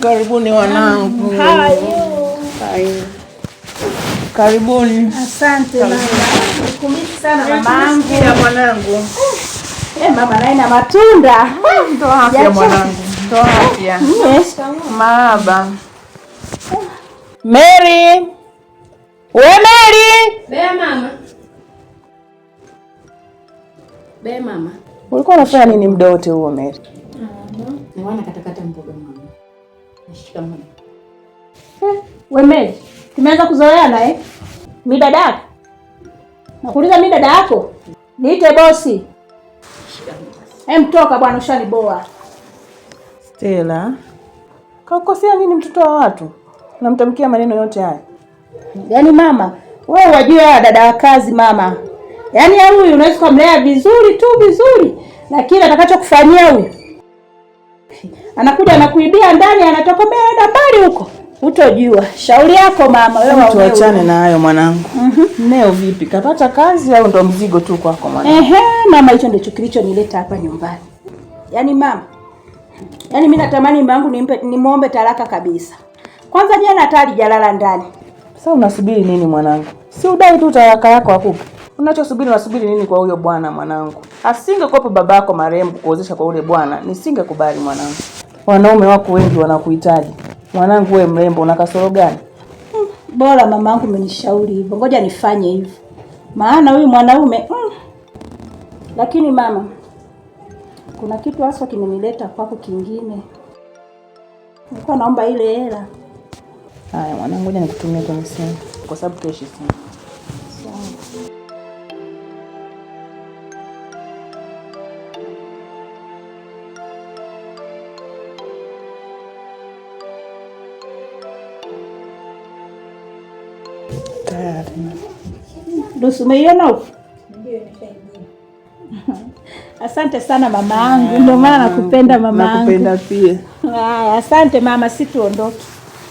Karibuni wanangu, karibuni. Asante mwanangu. Eh, eh, mama matunda mm, mm, eh. maaba. Mary, we Mary, be mama, be mama, ulikuwa unafanya nini muda wote huo Mary? Mwana ah, katakata mboga mama. Shikamoo. Eh, wewe tumeanza kuzoeana eh? Mi dada yako. Nakuuliza mi dada yako? Niite bosi. Shikamoo. Mtoka bwana ushaniboa. Stella. Kakukosea nini mtoto wa watu? Unamtamkia maneno yote haya. Yaani mama, wewe wajua haya dada wa kazi mama. Yaani huyu unaweza kumlea vizuri tu vizuri, lakini atakachokufanyia huyu anakuja anakuibia ndani, anatoka na mbali huko, utojua. Shauri yako mama, wewe tuachane na hayo mwanangu. mm -hmm. Leo vipi, kapata kazi au ndo mzigo tu kwako mwanangu? Ehe mama, hicho ndicho nileta hapa nyumbani. Yaani mama, yaani mimi natamani mume wangu nimpe, nimwombe talaka kabisa. Kwanza jana hata alijalala ndani. Sasa unasubiri nini mwanangu? Si udai tu talaka yako akupe. Unachosubiri unasubiri nini kwa huyo bwana mwanangu? asingekuwepo babako marehemu kukuozesha kwa ule bwana, nisingekubali mwanangu. Wanaume wako wengi wanakuhitaji mwanangu. Wewe mrembo, una kasoro gani? Mm, bora mama yangu umenishauri hivyo, ngoja nifanye hivyo, maana huyu mwanaume mm. Lakini mama, kuna kitu hasa kimenileta kwako kingine. Nilikuwa naomba ile hela. Haya mwanangu, ngoja nikutumie kwenye simu, kwa sababu keshi simu Nusu umeiona huko? asante sana mama yangu, ndio maana nakupenda mama yangu. Nakupenda pia. Haya, asante mama, situondoke.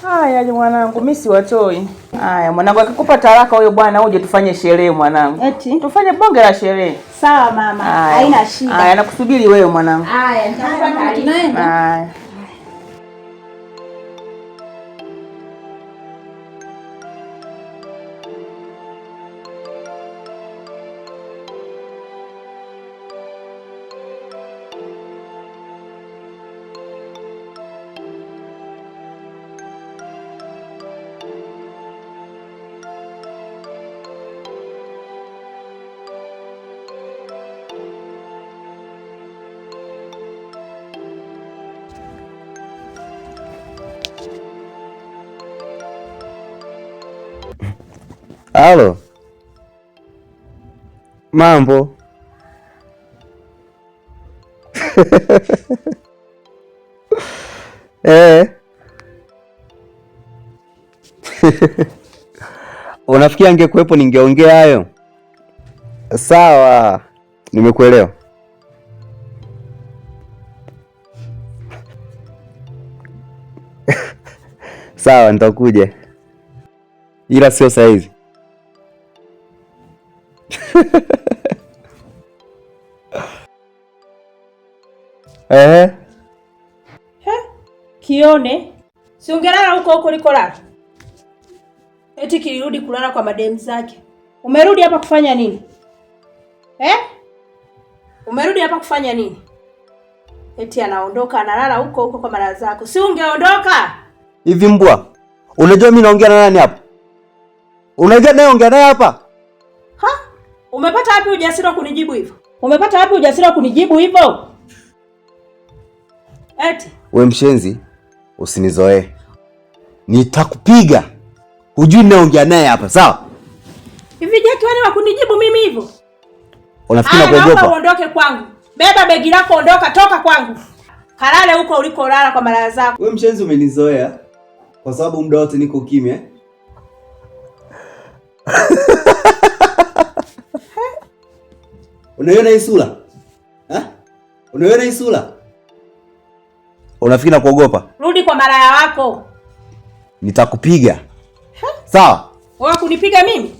Haya mwanangu, mimi siwatoi. Haya mwanangu, akikupa talaka huyo bwana uje tufanye sherehe mwanangu. Eti? Tufanye bonge la sherehe. Sawa mama, haina shida. Haya, nakusubiri wewe mwanangu. Haya, nitakupa taarifa. Haya. Halo, mambo eh? Unafikia angekuwepo ningeongea hayo? Sawa, nimekuelewa. Sawa, nitakuja ila sio saa hizi. Ehe. He? Kione. Si ungelala huko huko ulikolala? Eti kirudi kulala kwa mademu zake. Umerudi hapa kufanya nini? Eh? Umerudi hapa kufanya nini? Eti anaondoka analala huko huko kwa mara zako. Si ungeondoka? Hivi mbwa. Unajua mimi naongea na nani hapa? Unajua naye ongea naye hapa? Umepata wapi ujasiri wa kunijibu hivyo? Umepata wapi ujasiri wa kunijibu hivyo? Eti we mshenzi, usinizoe, nitakupiga. Hujui naongea naye hapa sawa? Hivi Jackie, wewe wakunijibu mimi hivyo? Unafikiri nakuogopa? Uondoke kwangu, beba begi lako, ondoka, toka kwangu, kalale huko ulikolala kwa malaya zako. We mshenzi, umenizoea kwa sababu muda wote niko kimya Unaiona hii sura? Eh? Unaiona hii sura? Unafikiri kuogopa? Rudi kwa maraya wako. Nitakupiga. Sawa? Wewe kunipiga mimi?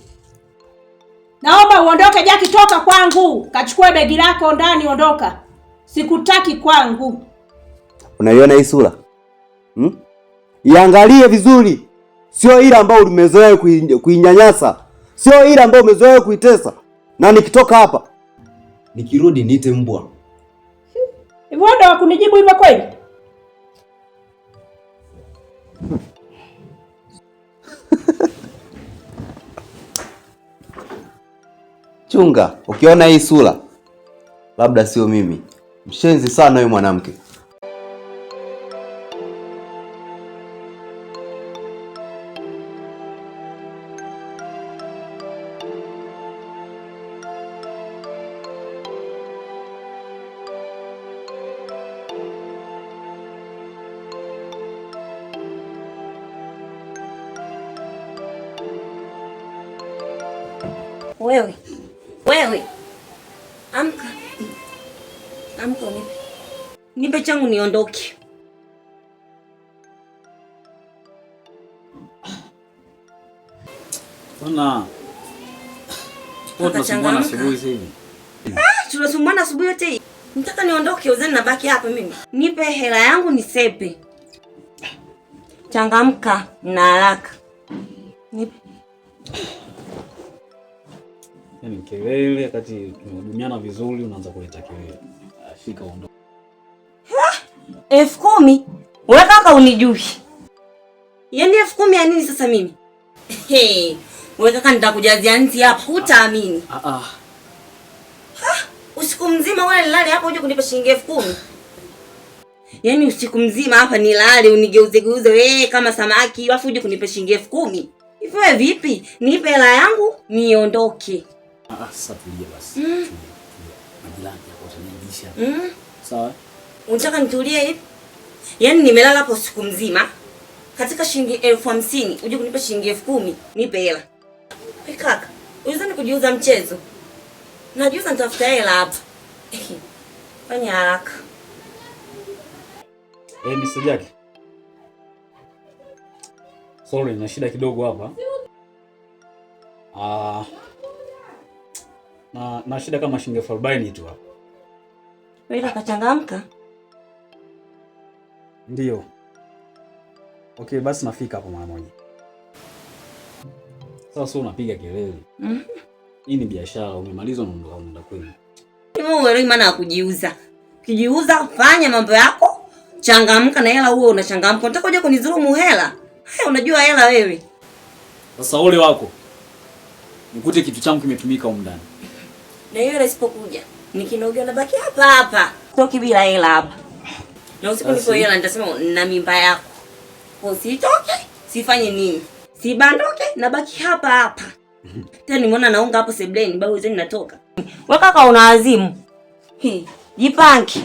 Naomba uondoke Jaki, toka kwangu. Kachukua begi lako ndani, ondoka. Sikutaki kwangu. Unaiona hii sura? Hmm? Iangalie vizuri. Sio ile ambayo umezoea kuinyanyasa. Sio ile ambayo umezoea kuitesa. Na nikitoka hapa nikirudi niite mbwa. Hivyo ndo wakunijibu hivyo kweli? Chunga, ukiona hii sura labda sio mimi. Mshenzi sana huyu mwanamke. Wewe wewe, amka amka, unipe nipe changu niondoke. Tunasumbwana ah, asubuhi yote hii, mtaka niondoke uzani, nabaki hapa mimi. Nipe hela yangu nisepe. Changamka na haraka, nipe yani kelele, kati tumehudumiana vizuri, unaanza kuleta kelele. Fika uondoke. elfu kumi wewe kaka, unijui yani elfu kumi ya nini sasa mimi? Hey, wewe kaka, nitakujazia nzi hapa, hutaamini. ah, ah. Usiku mzima wewe lale hapa uje kunipa shilingi elfu kumi yani usiku mzima hapa nilale unigeuzegeuze wewe kama samaki, alafu uje kunipa shilingi elfu kumi Hivyo wewe vipi? Nipe hela yangu niondoke. Ah, sasa tulia basi. Mm. Majirani hapo watanilisha. Mm. Sawa? Unataka nitulie hivi? Yaani nimelala hapo siku mzima. Katika shilingi elfu hamsini uje kunipa shilingi elfu kumi nipe hela. kaka, unaweza kujiuza mchezo? Najiuza nitafuta hela hapa. Fanya haraka. Eh, Mr. Jack. Sorry, na shida kidogo hapa. Ah, uh, na, na shida kama shilingi elfu arobaini tu hapo. Wewe kachangamka? Ndio. Okay, basi nafika hapo mara moja. Sasa sio unapiga kelele Mhm. Hii ni biashara, umemaliza unaondoka, unaenda kwenu. Maana ya kujiuza, ukijiuza fanya mambo yako, changamka na hela. Huo unachangamka, unataka uje kunidhulumu hela? Hey, unajua hela wewe. Sasa ole wako, nikute kitu changu kimetumika huko ndani na yeye asipokuja nikinogewa nabaki hapa hapa, toki bila hela hapa, na usiku ah, niko hela nitasema na mimba yako kwa, sitoke sifanye nini, sibandoke, nabaki hapa hapa tena. Nimeona naunga hapo sebleni, babu zeni natoka. Wewe kaka una azimu, jipange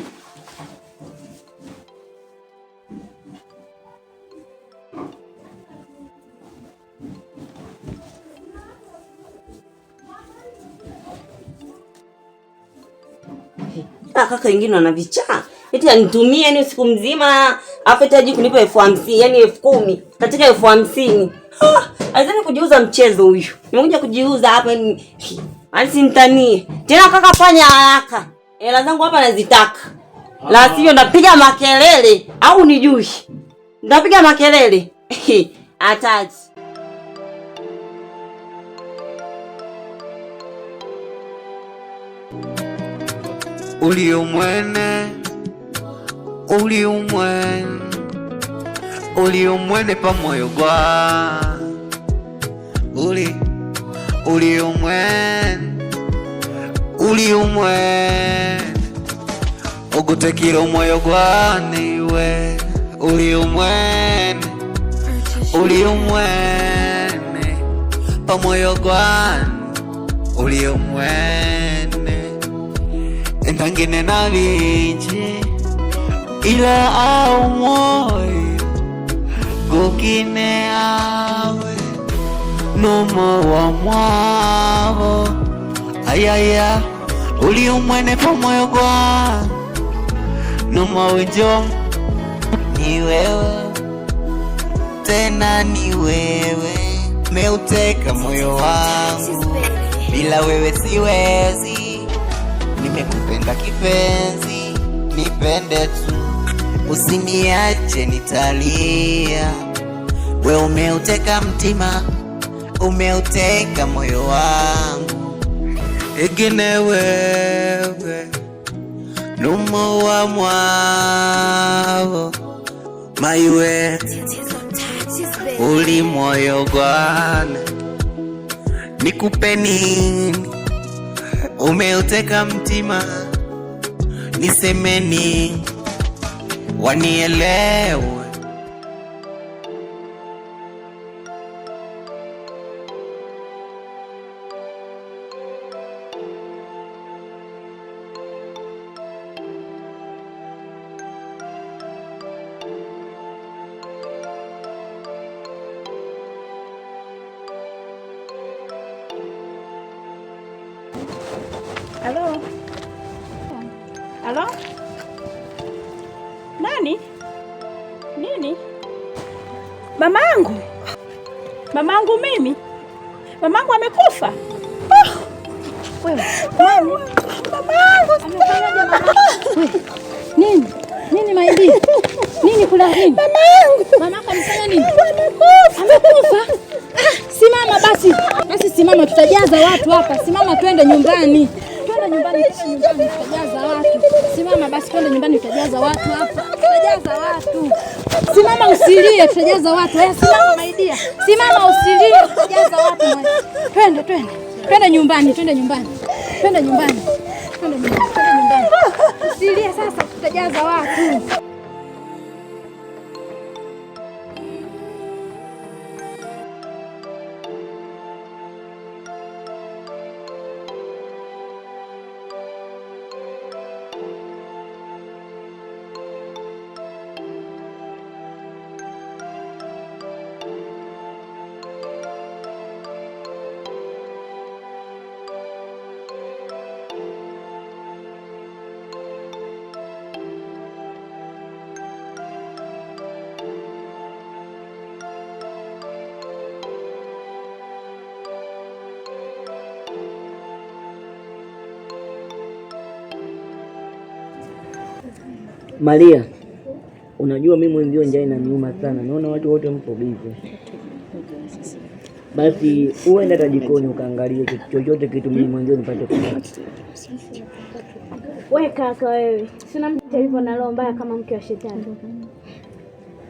Ah, kaka wengine wana vichaa. Eti anitumie yani usiku mzima afu eti kunipa elfu hamsini yani elfu kumi katika elfu hamsini Azani ah, kujiuza mchezo huyu. Nimekuja kujiuza hapa ni asimtanie. Tena kaka, fanya haraka. Hela zangu hapa nazitaka. La ah. sivyo ndapiga makelele au nijui. Ndapiga makelele. Ataji. umwene uli umwene pa moyo gwa uli uliomwene uliomwene ugutekile umoyo gwane iwe uli umwene pa moyo gwane umwene tangine na ila au moyo gukine awe numo wa mwavo ayaya uli umwene moyo gwa numo ujo ni wewe tena ni wewe meuteka moyo wangu bila wewe siwezi kupenda kipenzi, nipende tu, usiniache nitalia. We umeuteka mtima, umeuteka moyo wangu, egine wewe numo wa mwao maiwe uli moyo gwane nikupe nini umeuteka mtima, nisemeni wanielewe Halo? Halo? Nani? Nini? Mamangu? Mamangu mimi? Mamangu amekufa? Oh! Wewe. Mamangu. Nini? Nini maidi? Nini kula nini? Mamangu. Mamako amefanya nini? Amekufa. Ah, simama basi. Basi simama, tutajaza watu hapa. Simama twende nyumbani nyumbani utajaza watu. Simama basi, kwenda nyumbani utajaza watu hapa, utajaza watu. Simama usilie, tutajaza watu. Haya, simama maidia, simama usilie, tutajaza watu. Twende, twende, twende nyumbani, twende nyumbani, twende nyumbani, twende nyumbani, usilie sasa, tutajaza watu. Maria, unajua mimi mwenzio njaa inaniuma sana, naona watu wote mko bize. Basi uende hata jikoni ukaangalie chochote kitu, mimi mwenzio nipate kula. We kaka wewe, sina mtu alivyo na roho mbaya kama mke wa shetani,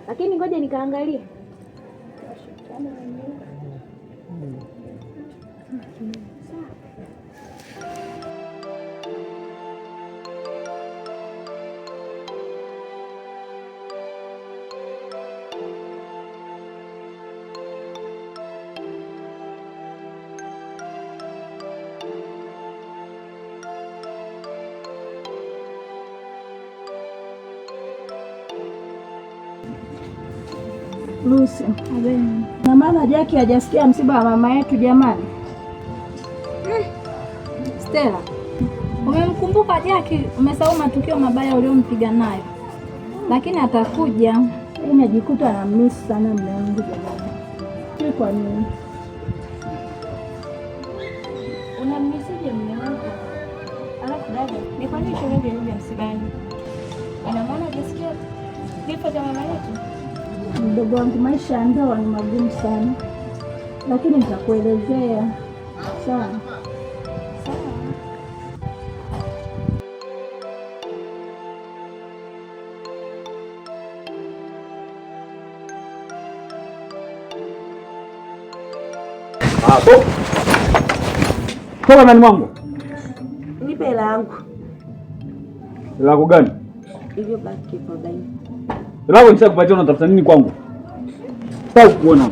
lakini ngoja nikaangalia. Hmm. Lucy, na maana Jackie hajasikia msiba wa mama yetu jamani. Mm. Stella, umemkumbuka Jackie, umesahau matukio mabaya uliompiga nayo, lakini atakuja. Najikuta na misi sana mume wangu jamani. kwa nini mume Alafu dada, ni kwa nini ya msibani? Ina maana kifo cha mama yetu? mdogo wangu, maisha ya ndoa ni magumu sana, lakini nitakuelezea sawa. Toka ndani mwangu, nipe hela yangu. Hela yako gani? Hivyo baki kwa daima Rabo kisha kupatia unatafuta nini kwangu? Sasa kuona.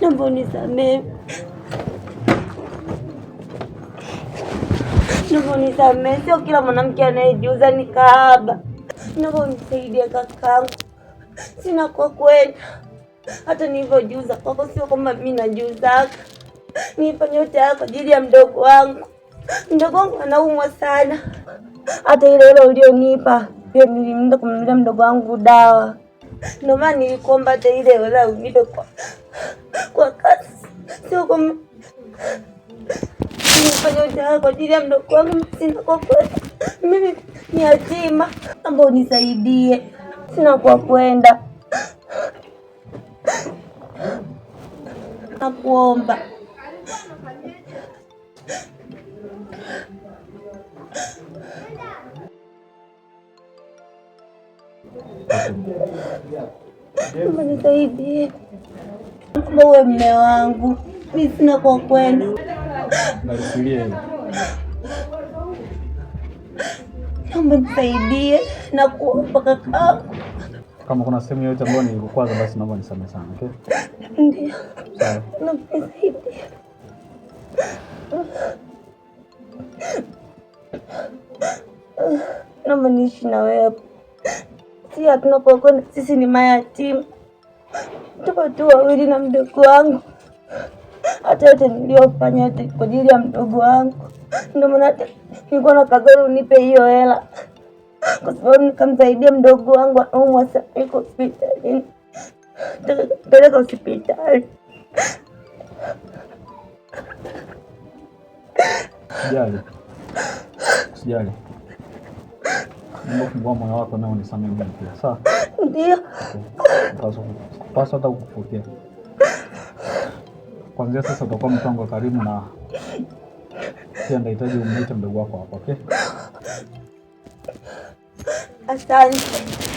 Naomba unisamehe. Naomba unisamehe, sio kila mwanamke anayejiuza ni kahaba. Naomba unisaidie kakangu, sina kwa kwenda. Hata nilivyojiuza kwako, sio kwamba mimi najiuzaka nipa nyota kwa ajili ya mdogo wangu. Mdogo wangu anaumwa sana, hata ile ile ulionipa pia nilimda kumnunulia mdogo wangu dawa. Ndio maana nilikuomba hata ile wala unipe kwa kwa kasi, sio kwa nipanyotaa kwa ajili ya mdogo wangu. Sina kwa kwenda, mimi ni yatima, ambao nisaidie, sina kwa kwenda, nakuomba Nisaidie mba, uwe mme wangu, mi sina kwa kwenda. Naomba nisaidie na kuomba kaka. Kama kuna sehemu yoyote ambayo nilikukwaza, basi naomba nisamehe sana, okay? Ndio. Naomba nisaidie. Naomba niishi na wewe. Si hatuna kwa sisi ni mayatima, tuko tu wawili na mdogo wangu. Hata yote niliyofanya yote kwa ajili ya mdogo wangu, ndio maana nilikuwa na kadhuru unipe hiyo hela, kwa sababu nikamsaidia mdogo wangu anaumwa sana, yuko hospitalini, peleka hospitali sijali sijali Mungu moyo wako nao nisamehe mimi pia, sawa? Ndio. Paswa hata kukupokea. Kwanza sasa utakuwa mtu wangu karibu, na pia nahitaji umwite mdogo wako hapa, okay? Asante.